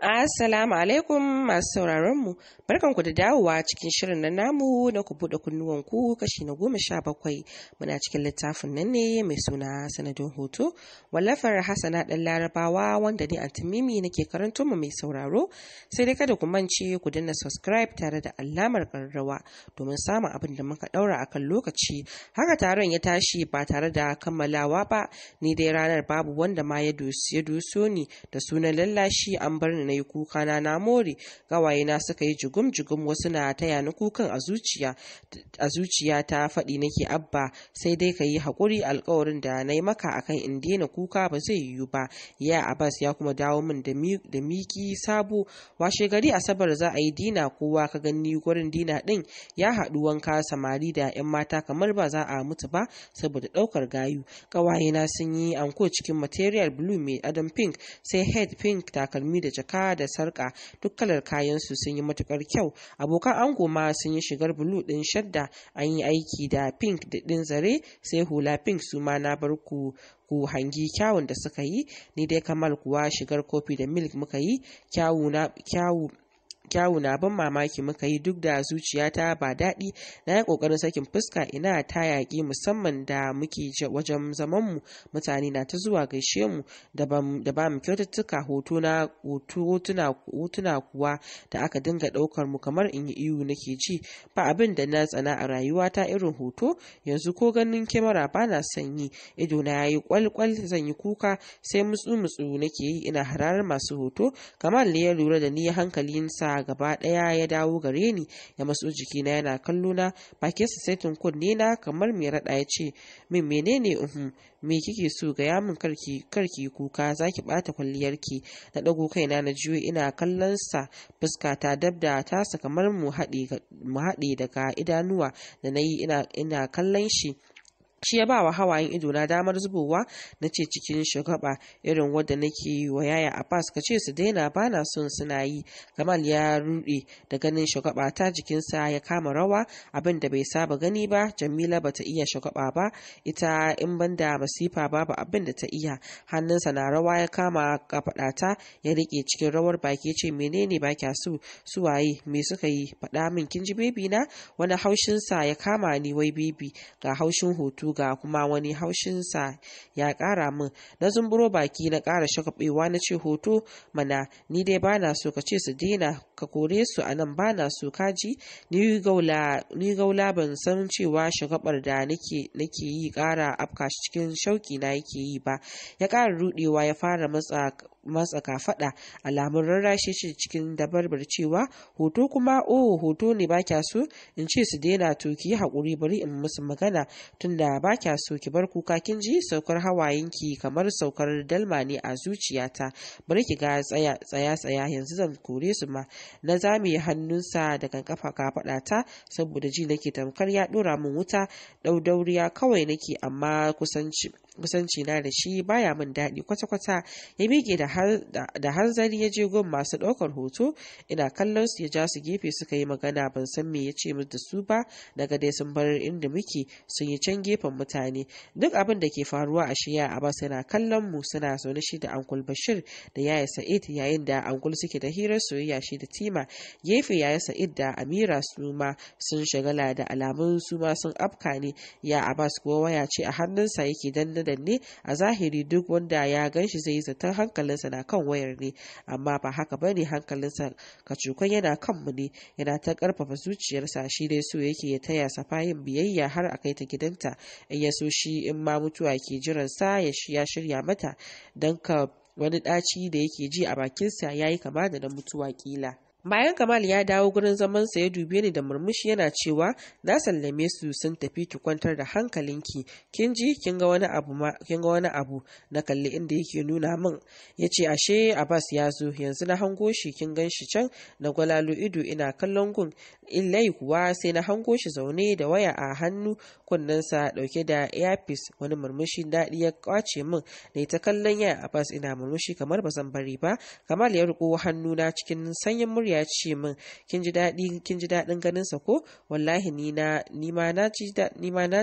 Assalamu alaikum masu sauraron mu. Barkanku da dawowa cikin shirin na namu na ku buɗe kunnuwanku kashi na goma sha bakwai. Muna cikin littafin nan ne mai suna sanadin hoto. Wallafar Hassana ɗan Larabawa wanda ni Antimimi nake karanto mu mai sauraro. Sai dai kada ku mance ku dinna subscribe tare da alamar ƙararrawa domin samun abin da muka ɗaura akan lokaci. Haka taron ya tashi ba tare da kammalawa ba. Ni dai ranar babu wanda ma ya duso ni da sunan lallashi an bar ni na yi kuka na na more na suka yi jugum jugum wasu na taya ni kukan a zuciya ta faɗi nake abba sai dai ka yi haƙuri alƙawarin da na yi maka akan in daina kuka ba zai yiwu ba ya abbas ya kuma dawo min da miki sabo washe gari asabar za a yi dina kowa ka gani gurin dina ɗin ya haɗu wanka samari da 'yan mata kamar ba za a mutu ba saboda ɗaukar gayu ƙawayena sun yi anko cikin material blue mai adam pink sai head pink takalmi da jaka jaka da sarka duk kalar kayan su sun yi matukar kyau abokan ango ma sun yi shigar bulu din shadda an yi aiki da pink din zare sai hula pink su ma na bar ku ku hangi kyawun da suka yi ni dai kamal kuwa shigar kofi da milk muka yi kyawu na kyawu kyawu na ban mamaki muka yi duk da zuciyata ba daɗi na yi ƙoƙarin sakin fuska ina ta yaƙi musamman da muke wajen zamanmu mutane na ta zuwa gaishe mu da ba mu kyaututtuka hotuna kuwa da aka dinga ɗaukar mu kamar in yi iyu nake ji ba abin da na tsana a rayuwa ta irin hoto yanzu ko ganin kyamara ba na sanyi ido na yayi kwalkwal zan yi kuka sai mutsu mutsu nake yi ina hararar masu hoto kamar ne ya lura da ni hankalinsa gaba ɗaya ya dawo gare ni ya matso na yana kallo kallona bakinsa sai tunkun kunne na kamar mai raɗa ya ce min menene uhu me kike so ga yamin karki karki kuka zaki bata kwalliyarki na dago kaina na juyo ina kallon sa fuska ta dabda ta sa kamar mu haɗe daga idanuwa da nayi ina ina kallon shi shi ya ba wa hawayen na damar zubowa na ce cikin shugaba irin wadda nake yi wa yaya abbas ka ce su daina bana son suna yi kamal ya ruɗe da ganin shugaba ta jikinsa ya kama rawa abin da bai saba gani ba jamila bata iya shugaba ba ita in banda masifa babu abin da ta iya hannunsa na rawa ya kama kafadata ya rike cikin rawar baki ce menene ba kya su su waye me suka yi faɗa min kin ji bebi na wani haushinsa ya kama ni wai bebi ga haushin hoto ga kuma wani haushinsa ya ƙara min na zumburo baki na ƙara shakaɓewa na ce hoto mana ni dai bana so ka ce su dina ka kore su a nan bana so kaji ni gaula ban san cewa shagabar da nake yi ƙara afka cikin shauƙi na yake yi ba ya kara rudewa ya fara matsa matsa kafaɗa alamun rarrashi shi cikin dabarbar cewa hoto kuma oh hoto ne ba kya so in ce su daina to ki yi haƙuri bari in musu magana tunda ba kya so ki bar kuka kin ji saukar hawayenki kamar saukar dalma ne a zuciyata bari ki ga tsaya tsaya tsaya yanzu zan kore su ma na zame hannunsa daga kafa kafaɗa ta saboda ji nake tamkar ya ɗora min wuta ɗaudauriya kawai nake amma kusanci kusanci na da shi baya min daɗi kwata-kwata ya miƙe da hanzari ya je gun masu ɗaukar hoto ina kallon su ya ja su gefe suka yi magana ban san me ya ce musu da su ba daga dai sun bar inda muke sun yi can gefen mutane duk abin da ke faruwa a shiya a ba suna kallon mu suna zaune shi da ankul bashir da yaya sa'id yayin da ankul suke da hirar soyayya shi da tima gefe yaya sa'id da amira su ma sun shagala da alamun su ma sun afka ne ya abbas kuwa waya ce a hannunsa yake dandan hotunan ne a zahiri duk wanda ya gan shi zai zaton hankalinsa na kan wayar ne amma ba haka ba ne hankalinsa kacukan yana kan mu ne yana ta karfafa zuciyarsa shi dai so yake ya taya safayin biyayya har a kai ta gidanta in ya so shi in ma mutuwa ke jiran sa ya shirya mata don ka wani ɗaci da yake ji a bakinsa ya yi kama da na mutuwa kila. bayan kamal ya dawo gurin zamansa ya dube ni da murmushi yana cewa na sallame su sun tafi ki kwantar da hankalinki kin ji kin ga wani abu na kalli inda yake nuna min yace ashe abbas ya zo yanzu na hango shi kin gan shi can na gwalalo ido ina kallon gun illai kuwa sai na hango shi zaune da waya a hannu kunnensa dauke da earpiece wani murmushi daɗi ya kwace min da ta kallon yaya abbas ina murmushi kamar ba zan bari ba kamal ya riko hannu na cikin sanyin murya ya ce min kin ji daɗi kin ji daɗin ganin sa ko wallahi ni na ni ma na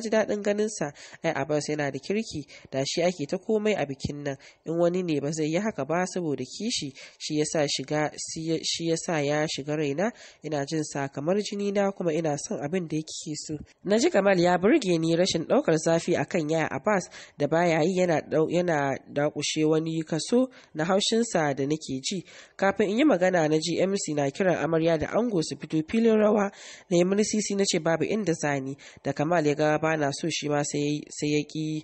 ji daɗin ganin sa ai Abbas yana da kirki da shi ake ta komai a bikin nan in wani ne ba zai yi haka ba saboda kishi shi yasa shiga shi yasa ya shiga raina ina jin sa kamar jini na kuma ina son abin da yake so naji Kamal ya burge ni rashin ɗaukar zafi akan yaya Abbas da baya yi yana yana dakushe wani kaso na haushinsa da nake ji kafin in yi magana na gmc na na kiran amarya da ango su fito filin rawa na yi na ce babu inda sani da kamal ya ga ba na so shi ma sai ya ki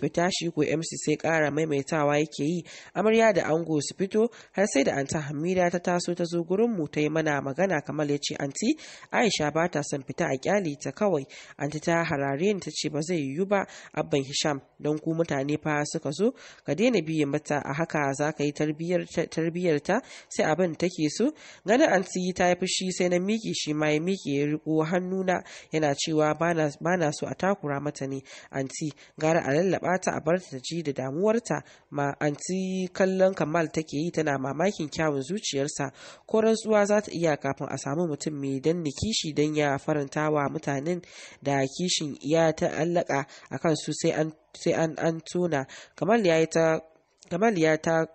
fita shi ko mc sai kara maimaitawa yake yi amarya da ango su fito har sai da anta hamida ta taso ta zo gurin mu ta yi mana magana kamal ya ce anti aisha ba ta son fita a kyali ta kawai anti ta harare ta ce ba zai yiwu ba abban hisham don ku mutane fa suka zo ka daina biye mata a haka za ka yi tarbiyyar ta sai abin take so ganin an ta yi fushi sai na miƙe shi ma ya miƙe ya riƙo hannuna yana cewa ba na so a takura mata ne anti gara a lallaba ta a barta ta ji da damuwarta ma anti kallon kamal take yi tana mamakin kyawun zuciyarsa ko rantsuwa za ta iya kafin a samu mutum mai danne kishi don ya faranta wa mutanen da kishin ya ta'allaka a su sai an tona kamal ya ta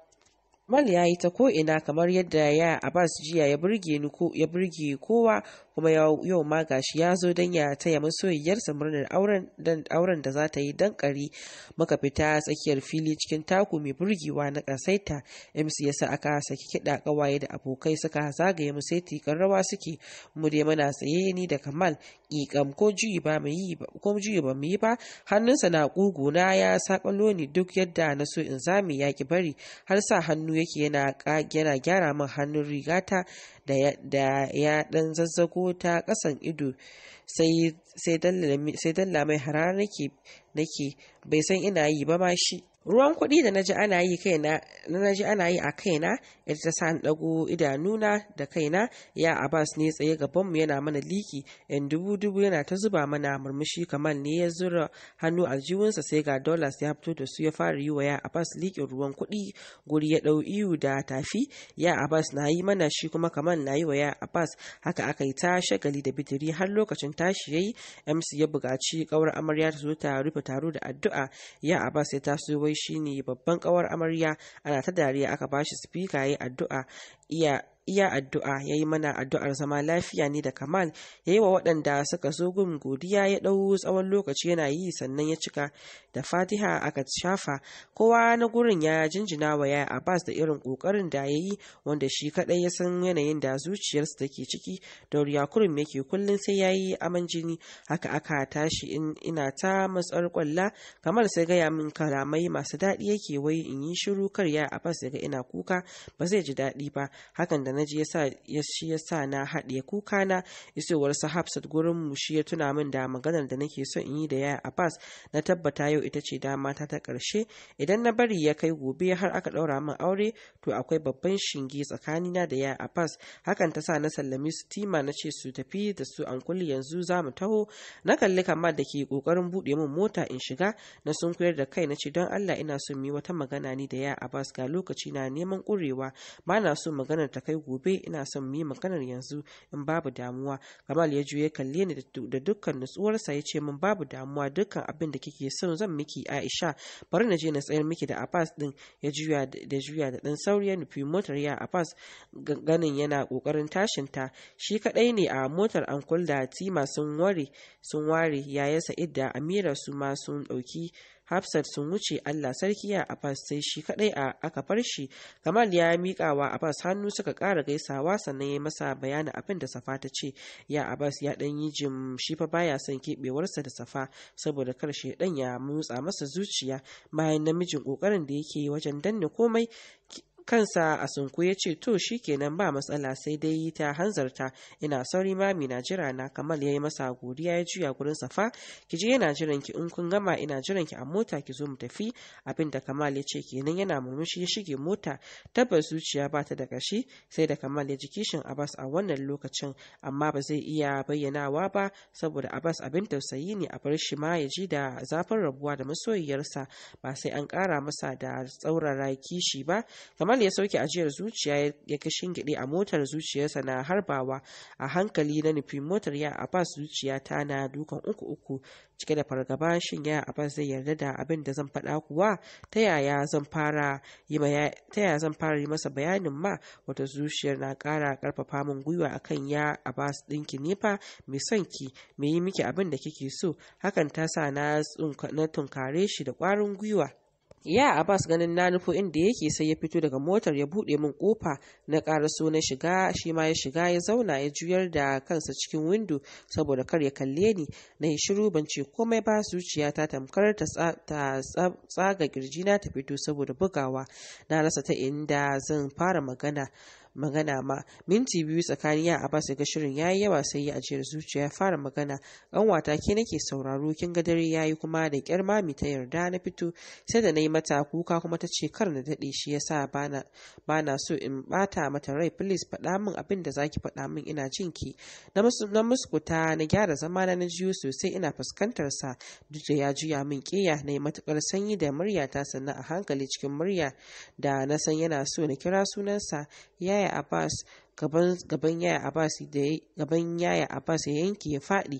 Mal ya yi ta ina kamar yadda ya Abbas jiya ya burge kowa kuma yau ma gashi ya zo don ya taya soyayyarsa murnar auren da za ta yi dan kari muka fita tsakiyar fili cikin taku mai burgewa na kasaita mc ya sa aka saki kiɗa kawaye da abokai suka zagaye mu sai tikar rawa suke mu dai muna tsaye ni da kamal ƙiƙam ko juyi ba mu yi ba ko juyi ba mu yi ba hannunsa na kugu na ya sakalo ni duk yadda na so in zame ya ki bari har sa hannu yake yana gyara min hannun rigata da ya ɗan zazzago ko ta ƙasan ido sai dalla mai harara nake bai san ina yi ba ma shi ruwan kuɗi da naji ana yi kaina naji ana yi a kaina ita ta sa ɗago idanuna da kaina ya abbas ne tsaye gaban mu yana mana liki yan dubu dubu yana ta zuba mana murmushi kamar ne ya zura hannu a jiwinsa sai ga dollars ya fito da su ya fara yi wa ya abbas likin ruwan kuɗi guri ya ɗau iyu da tafi ya abbas na yi mana shi kuma kamar na yi wa ya abbas haka aka yi ta shagali da bidiri har lokacin tashi yayi mc ya bugaci ƙawar amarya ta zo ta rufe taro da addu'a ya abbas ya taso kawai shine babban kawar amarya ana ta dariya aka bashi spika yayi addu'a iya iya addu'a ya yi mana addu'ar zama lafiya ne da kamal ya yi wa waɗanda suka zo gun godiya ya ɗau tsawon lokaci yana yi sannan ya cika da fatiha aka shafa kowa na gurin ya jinjina wa yaya abbas da irin ƙoƙarin da ya yi wanda shi kaɗai ya san yanayin da zuciyarsa ke ciki da kurum yake kullum sai ya yi aman jini haka aka tashi in ina ta matsar ƙwalla kamar sai gaya min kalamai masu daɗi yake wai in yi shiru kar ya abbas daga ina kuka ba zai ji daɗi ba hakan da na na ji shi ya sa na haɗe kuka na isowar su hafsat gurin mu shi ya tuna min da maganar da nake son in yi da yaya abbas na tabbata yau ita ce dama ta ta ƙarshe idan na bari ya kai gobe har aka ɗaura min aure to akwai babban shinge tsakanina da yaya abbas hakan ta sa na sallami su tima na ce su tafi da su an kulli yanzu za mu taho na kalli kamar da ke kokarin buɗe min mota in shiga na sun koyar da kai na ce don allah ina son mu yi wata magana ni da yaya abbas ga lokaci na neman ƙurewa ba na so maganar ta kai gobe ina son mu yi maganar yanzu in babu damuwa kamal ya juye kalle ni da dukkan nutsuwarsa ya ce min babu damuwa dukkan abin da kike son zan miki aisha bari na je na tsayar miki da abbas din ya juya da juya da dan sauri ya nufi motar ya abbas ganin yana kokarin tashin ta shi kadai ne a motar an kulda tima sun ware sun ware yaya sa'id da amira su ma sun dauki hafsat sun wuce allah sarki ya abbas sai shi kadai a aka far shi kamal ya miƙa a abbas hannu suka ƙara gaisawa sannan ya masa bayanin abin da safa ta ce ya abbas ya dan yi jim shi fa baya son keɓewarsa da safa saboda kar shi dan ya motsa masa zuciya bayan namijin ƙoƙarin da yake wajen danne komai kansa a sunku ya ce to shi kenan ba matsala sai dai yi ta hanzarta ina sauri mami na jira na kamal ya yi masa godiya ya juya gurin safa ki je yana jiran ki in kun gama ina jiran ki a mota ki zo mu tafi abin da kamal ya ce kenan yana murmushi ya shige mota tabbas zuciya ba ta da kashi sai da kamal ya ji kishin abbas a wannan lokacin amma ba zai iya bayyanawa ba saboda abbas abin tausayi ne a bar shi ma ya ji da zafin rabuwa da masoyiyarsa ba sai an ƙara masa da tsaurara kishi ba kamar Kamar ya sauke ajiyar zuciya ya kashin gyaɗe a motar zuciyarsa na harbawa a hankali na nufi motar ya Abbas zuciya ta na dukan uku uku cike da fargaba shin ya Abbas zai yarda da abin da zan faɗa kuwa ta yaya zan fara yi masa bayanin ma wata zuciyar na ƙara ƙarfafa min gwiwa a kan ya Abbas ɗinki ne fa mai son ki mai yi miki abin da kike so hakan ta sa na tunkare shi da ƙwarin gwiwa ya bas ganin na nufo inda yake sai ya fito daga motar ya buɗe min ƙofa na so na shiga shi ma ya shiga ya zauna ya juyar da kansa cikin windo saboda kar ya kalle ni na yi shiru ban ce komai ba zuciya ta tamkar ta tsaga na ta fito saboda bugawa na rasa ta inda zan fara magana magana ma minti biyu tsakanin ya abbas ga shirin yayi yawa sai ya ajiyar zuciya fara magana ƙanwata ke nake sauraro kin ga dare yayi kuma da ƙyar mami ta yarda na fito sai da na yi mata kuka kuma ta ce kar na daɗe shi yasa bana bana so in bata mata rai please faɗa min abin da zaki faɗa min ina jin ki na muskuta na gyara zama na jiyo sosai ina fuskantar sa duk da ya juya min ƙiya na yi matuƙar sanyi da murya ta sannan a hankali cikin murya da na san yana so na kira sunansa ya Abaya Abbas gaban yaya abbas da gaban yaya ya yanke ya faɗi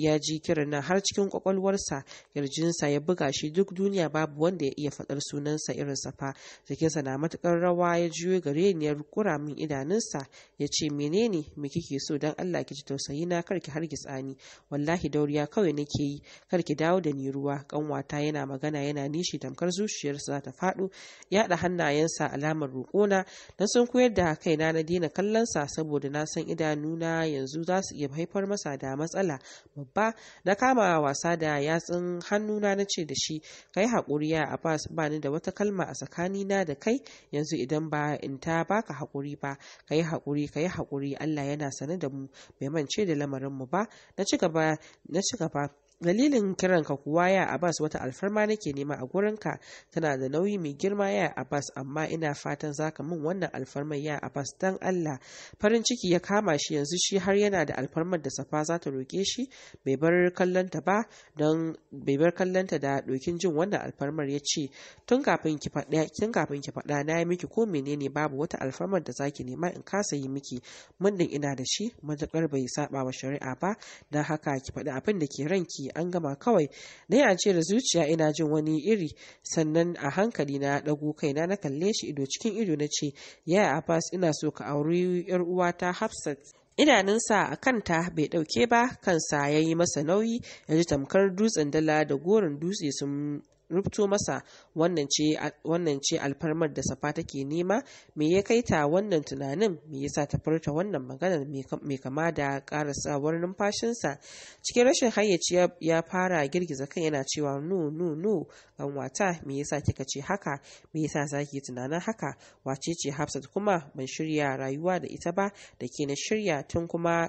ya ji kiran nan har cikin kwakwalwarsa kirjinsa ya buga shi duk duniya babu wanda ya iya faɗar sunansa irin fa jikinsa na matukar rawa ya juyo gare ni ya kura min idanunsa ya ce menene me kike so dan Allah ki ji tausayi na kar ki hargitsa ni wallahi dauriya kawai nake yi kar ki dawo da ni ruwa kanwata yana magana yana nishi tamkar zuciyarsa ta faɗo Ya yaɗa hannayensa alamar roƙona na sun koyar da kaina na daina kallonsa saboda na san idanuna yanzu za su iya haifar masa da matsala babba na kama wasa da yatsun hannuna na ce da shi kai hakuri ya ba ni da wata kalma a tsakanina da kai yanzu idan ba in ta baka hakuri ba kai haƙuri kai hakuri allah yana sane da mu bai mance da lamarin mu ba na ci gaba na ci gaba dalilin kiranka kuwa ya abbas wata alfarma nake nema a gurinka tana da nauyi mai girma ya abbas amma ina fatan zaka min wannan alfarmar ya abbas dan allah farin ciki ya kama shi yanzu shi har yana da alfarmar da safa za ta roƙe shi bai bar kallonta ba da dokin jin wannan alfarmar ya ce tun kafin ki faɗa tun na yi miki ko menene babu wata alfarmar da zaki nema in kasa yi miki muddin ina da shi matuƙar bai saba wa shari'a ba don haka ki faɗi abin da ke ranki an gama kawai na yi ce da zuciya ina jin wani iri sannan a hankali na ɗago kaina na kalle shi ido cikin ido na ce yaya abbas ina so ka auri yar uwata hafsat idanunsa a kanta bai ɗauke ba kansa ya yi masa nauyi ya ji tamkar dutsen dala da goron dutse sun rubto masa wannan ce alfarmar da safa take nema me ya kai ta wannan tunanin me ya sa ta furta wannan maganar mai kama da karasawar numfashinsa cikin rashin hayyaci ya fara girgiza kan yana cewa no no no an wata me ya sa kika ce haka me ya yasa zaki tunanin haka wace ce hafsat kuma ban shirya rayuwa da ita ba da ke na shirya tun kuma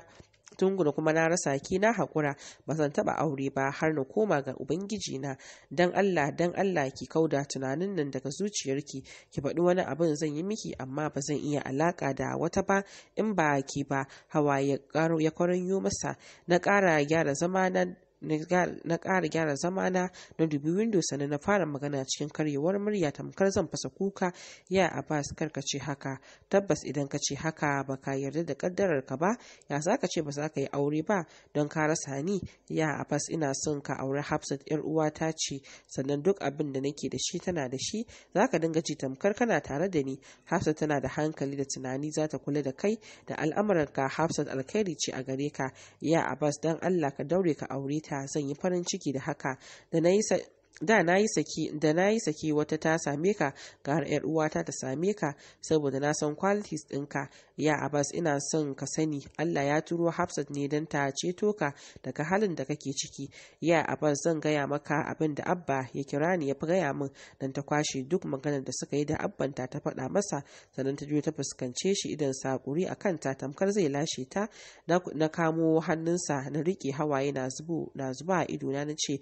tunguna kuma na rasa ki na haƙura ba zan taɓa aure ba har na koma ga ubangiji na dan Allah dan Allah ki kauda tunanin nan daga zuciyarki ki faɗi wani abin zan yi miki amma ba zan iya alaƙa da wata ba in ba ki ba hawa ya kwaranyo masa na ƙara gyara zama na na ƙara gyara zamana na dubi windo sannan na fara magana cikin karyewar murya tamkar zan fasa kuka ya abbas kar ka ce haka tabbas idan ka ce haka ba ka yarda da kaddarar ka ba ya za ka ce ba za ka yi aure ba don ka rasa ni ya abbas ina son ka aure hafsat yar uwata ce sannan duk abin da nake da shi tana da shi za ka dinga ji tamkar kana tare da ni hafsat tana da hankali da tunani za ta kula da kai da al'amuranka hafsat alkhairi ce a gare ka ya abbas don allah ka daure ka aure ta ta zan farin ciki da haka da na yi da na yi saki da na yi saki wata ta same ka ga har yar uwata ta same ka saboda na san qualities ɗinka ya abbas ina son ka sani allah ya turo hafsat ne don ta ceto ka daga halin da kake ciki ya abbas zan gaya maka abin da abba ya kira ni ya fi gaya min don ta kwashe duk maganar da suka yi da abbanta ta faɗa masa sannan ta je ta fuskance shi idan sakuri a ta tamkar zai lashe ta na kamo hannunsa na rike hawaye na zuba a idona na ce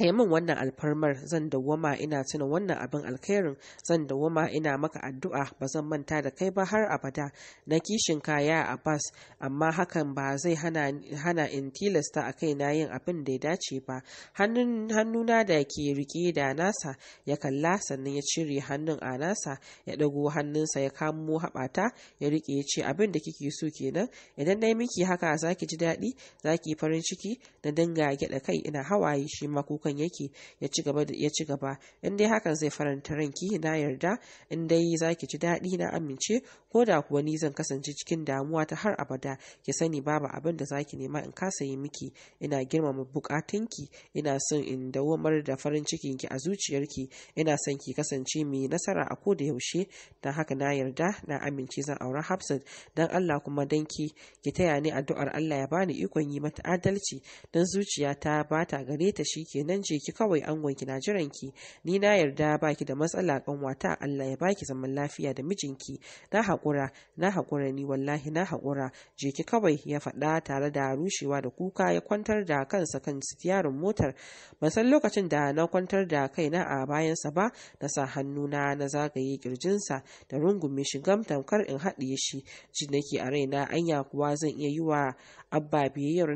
ta yi min wannan alfarmar zan dawwama ina tuna wannan abin alkhairin zan dawwama ina maka addu'a ba zan manta da kai ba har abada na kishin kaya a bas amma hakan ba zai hana in tilasta a kai na yin abin da ya dace ba hannuna da ke rike da nasa ya kalla sannan ya cire hannun a nasa ya ɗago hannunsa ya kamo haɓata ya rike ya ce abin da kike so kenan idan na miki haka za ki ji daɗi za ki farin ciki na dinga gyaɗa kai ina hawaye shi ma ikon yake ya ci gaba ya ci gaba in dai hakan zai faranta ranki na yarda in dai zaki ji daɗi na amince ko da kuwa ni zan kasance cikin damuwa ta har abada ki sani babu abin da ki nema in kasa yi miki ina girmama bukatunki ina son in dawamar da farin cikinki a zuciyarki ina son ki kasance mai nasara a ko da yaushe don haka na yarda na amince zan auri Hafsat don Allah kuma dan ki ki taya ni addu'ar Allah ya bani ikon yi mata adalci don zuciya ta bata gare ta shikenan dan je ki kawai ki na jiran ki ni na yarda baki da matsala kanwata Allah ya baki zaman lafiya da mijinki na hakura na hakura ni wallahi na hakura je ki kawai ya faɗa tare da rushewa da kuka ya kwantar da kansa kan sitiyarin motar ban lokacin da na kwantar da kai na a bayansa ba na sa hannu na na zagaye kirjinsa da rungume shi gam kar in haɗiye shi ji nake a raina anya kuwa zan iya yiwa. abba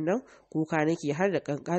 nan kuka nake har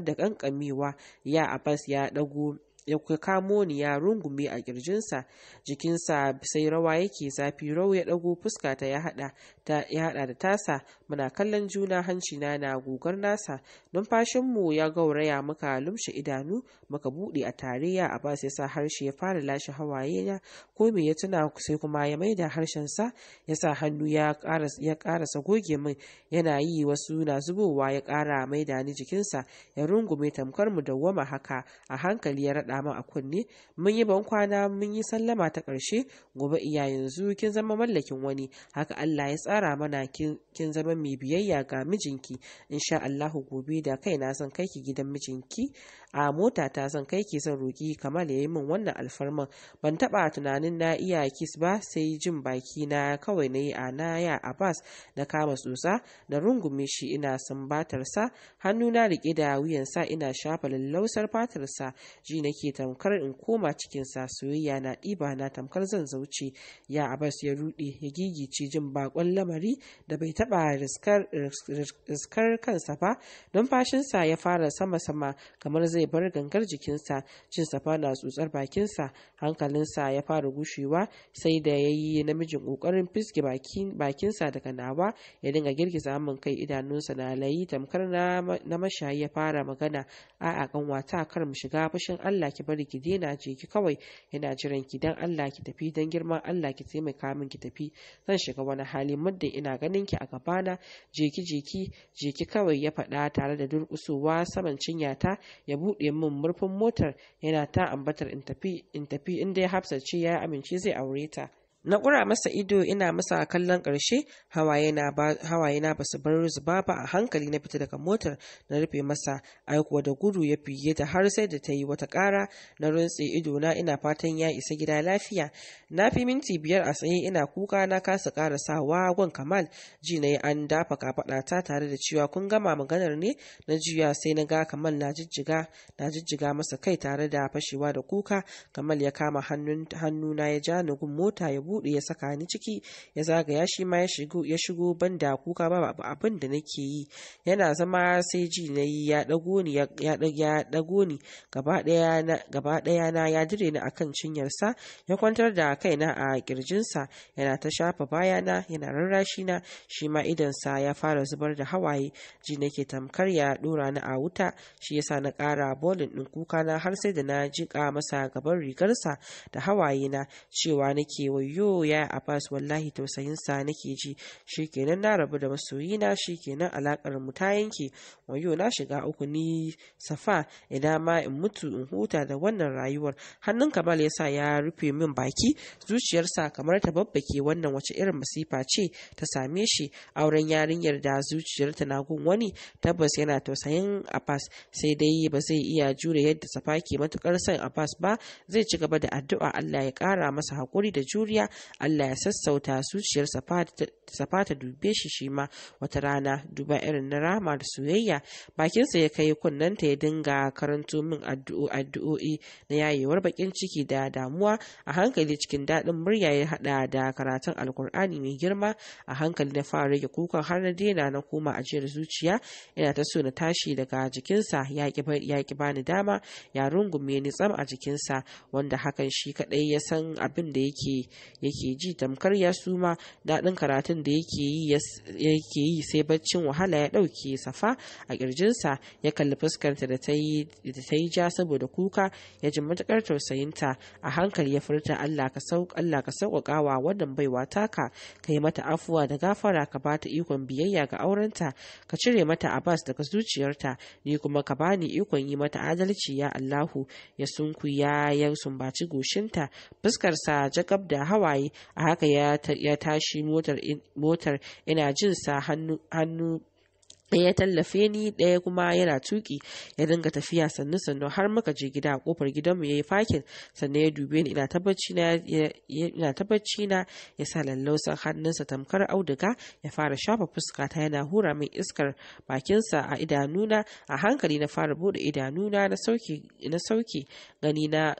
da kankamewa ya abbas ya dago ya kamo ni ya rungume a kirjinsa jikinsa sai rawa yake zafi rau ya ɗago fuska ta ya haɗa da tasa muna kallon juna hanci na na gugar nasa numfashin mu ya gauraya muka lumshe idanu muka buɗe a tare ya a basu yasa harshe ya fara lashe hawaye ya ko me ya tuna sai kuma ya maida da ya sa hannu ya ƙarasa goge min yana yi wasu na zubowa ya ƙara da ni jikinsa ya rungume tamkar mu dawwama haka a hankali ya raɗa faɗa min a kunne mun yi ban kwana mun yi sallama ta ƙarshe gobe iya yanzu kin zama mallakin wani haka Allah ya tsara mana kin zama mai biyayya ga mijinki insha Allahu gobe da kai na san kai ki gidan mijinki a mota ta san kai ki san roki kamar ya yi min wannan alfarman ban taɓa tunanin na iya kis ba sai jin baki na kawai na yi a na ya Abbas na kama tsotsa da rungume shi ina sambatarsa hannu na riƙe da wuyansa ina shafa lallausar fatarsa ji nake nake tamkar in koma cikin sa soyayya na ɗiba na tamkar zan zauce ya abas ya ruɗe ya gigice jin bakon lamari da bai taɓa riskar kansa ba don sa ya fara sama-sama kamar zai bar gangar jikinsa cin safa na tsotsar bakinsa sa ya fara gushewa sai da yayi namijin kokarin fiske bakinsa daga nawa ya dinga girgiza min kai idanunsa na layi tamkar na mashayi ya fara magana a'a ƙanwata kar mu shiga fushin Allah ki bari ki daina je ki kawai yana jiran ki dan Allah ki tafi dan girman Allah ki taimaka min ki tafi zan shiga wani hali muddin ina ganin ki a gabana je ki je ki je ki kawai ya faɗa tare da durƙusowa saman cinya ta ya buɗe min murfin motar yana ta ambatar in tafi in tafi inda ya Hafsat ce ya amince zai aure ta na kura masa ido ina masa kallon ƙarshe hawaye na basu bar zuba ba a hankali na fita daga motar na rufe masa aikuwa da gudu ya fiye ta har sai da ta yi wata ƙara na runtse ido na ina fatan ya isa gida lafiya na fi minti biyar a tsaye ina kuka na kasa ƙara sawa gwan kamal ji na yi an dafa kafaɗa ta tare da cewa kun gama maganar ne na juya sai na ga kamal na jijjiga na jijjiga masa kai tare da fashewa da kuka kamal ya kama hannuna ya ja ni gun mota ya bu. buɗe ya saka ni ciki ya zagaya shi ma ya shigo ya shigo banda kuka ba babu abin da nake yi yana zama sai ji na yi ya ɗago ni ya ɗago ni gaba ɗaya na ya dire ni akan cinyarsa ya kwantar da kaina a kirjinsa yana ta shafa bayana yana rarrashi na shi ma idansa ya fara zubar da hawaye ji nake tamkar ya ɗora ni a wuta shi yasa na ƙara bolin ɗin kuka na har sai da na jiƙa masa gaban rigarsa da hawaye na cewa nake wayo yo ya Abbas wallahi tausayin sa nake ji shikenan na rabu da masoyina shikenan alakar mu ta yanke wayo na shiga uku ni safa idan ma in mutu in huta da wannan rayuwar hannun Kamal yasa ya rufe min baki zuciyarsa kamar ta babbake wannan wace irin masifa ce ta same shi auren yarinyar da zuciyarta na gun wani tabbas yana tausayin Abbas sai dai ba zai iya jure yadda safa ke matukar son Abbas ba zai ci gaba da addu'a Allah ya kara masa hakuri da juriya Allah ya sassauta zuciyar ta dube shi shi ma wata rana duba irin na rama da soyayya bakinsa ya kai kunnanta ya dinga karanto min addu'o'i na yayewar bakin ciki da damuwa a hankali cikin daɗin murya ya haɗa da karatun alkur'ani mai girma a hankali na fara rage kukan har na daina na koma ajiyar zuciya ina ta so na tashi daga jikinsa ya ki bani dama ya rungume ni tsam a jikinsa wanda hakan shi kaɗai ya san abin da yake yake ji tamkar ya suma daɗin karatun da yake yi sai baccin wahala ya ɗauke safa a ƙirjinsa ya kalli fuskarta da ta yi ja saboda kuka ya ji matuƙar tausayinta a hankali ya furta Allah ka sauƙaƙawa ƙawa wannan baiwa taka ka yi mata afuwa da gafara ka ba ta ikon biyayya ga aurenta ka cire mata Abbas daga zuciyarta ni kuma ka bani ikon yi mata adalci ya Allahu ya sunku ya sumbaci goshinta fuskarsa jakab da hawa hawaye a haka ya tashi motar ina jin sa hannu ɗaya ya tallafe ni ɗaya kuma yana tuki ya dinga tafiya sannu sannu har muka je gida a kofar gidanmu ya yi fakin sannan ya dube ni ina tabbaci na ya sa lallausan hannunsa tamkar auduga ya fara shafa fuskata yana hura min iskar bakinsa a idanuna a hankali na fara bude idanuna na sauke ganina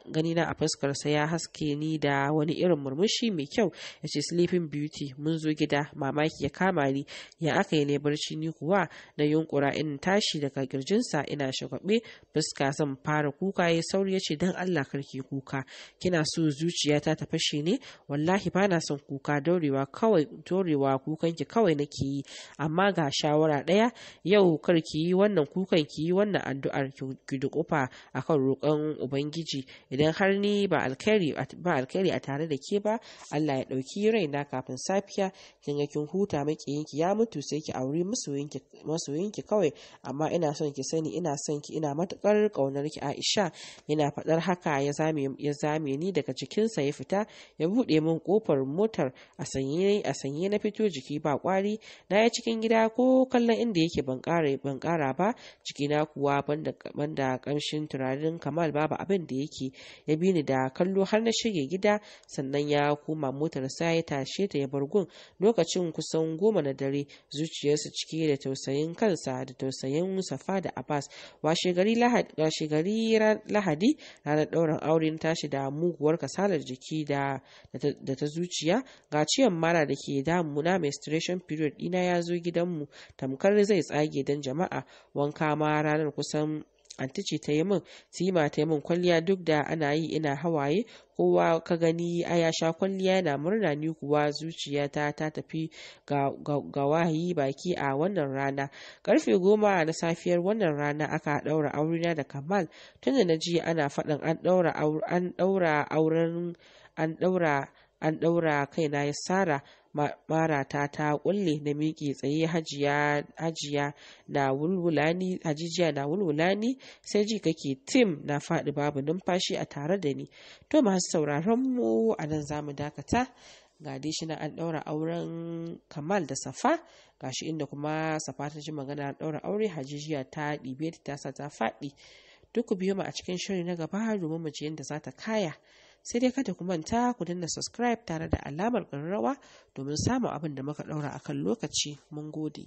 a fuskarsa ya haske ni da wani irin murmushi mai kyau ya ce sleeping beauty mun zo gida mamaki ya kama ni ya aka yi ne barci ni kuwa na yunkura in tashi daga kirjinsa ina shagwabe fuska zan fara kuka ya sauri ya ce dan Allah karki kuka kina so zuciya ta fashe ne wallahi bana son kuka dorewa kawai dorewa kukanki kawai nake yi amma ga shawara ɗaya yau kar ki yi wannan kukan ki yi wannan addu'ar ki a akan roƙon ubangiji idan har ni ba alkhairi a tare da ke ba Allah ya ɗauki raina kafin safiya kin ga kin huta makiyinki ya mutu sai ki aure masoyinki masoyinki kawai amma ina son ki sani ina son ki ina matukar kaunar ki Aisha yana faɗar haka ya zame ya zame ni daga sa ya fita ya buɗe min kofar motar a sanye a sanye na fito jiki ba kwari na yi cikin gida ko kallon inda yake ban kare ban kara ba jikina kuwa banda banda kamshin turarin Kamal babu abin da yake ya bi ni da kallo har na shige gida sannan ya koma sa ya tashe ta ya bargun lokacin kusan goma na dare zuciyarsa cike da tausayi tausayin kansa da tausayin musafa da Abbas washegari Lahadi ranar ɗaurin auren tashi da muguwar kasalar jiki da ta zuciya ga ciyan mara da ke damu na menstruation period ɗina ya zo gidanmu tamkar zai tsage don jama'a wanka ma ranar kusan anti ce ta yi min sima ta yi min kwalliya duk da ana yi ina hawaye kowa ka gani a ya sha kwalliya na murna ni kuwa zuciyata ta tafi ga, wahayi baki a wannan rana karfe goma na safiyar wannan rana aka daura na da kamal tunda na ji ana faɗin an daura auren an daura an ɗaura kaina ya sara marata ta kulle na miƙe tsaye hajiya na wulwulani hajijiya na wulwulani sai ji kake tim na faɗi babu numfashi a tare da ni to masu sauraron mu a nan za mu dakata ga shi na an ɗaura auren kamal da safa gashi inda kuma safa ta ji magana an ɗaura aure hajijiya ta ɗibe ta sa ta faɗi duk biyu mu a cikin shirin na gaba domin mu ji yadda za ta kaya sai dai kada ku manta ku danna subscribe tare da alamar ƙararrawa domin samun abin da muka ɗaura a kan lokaci mun gode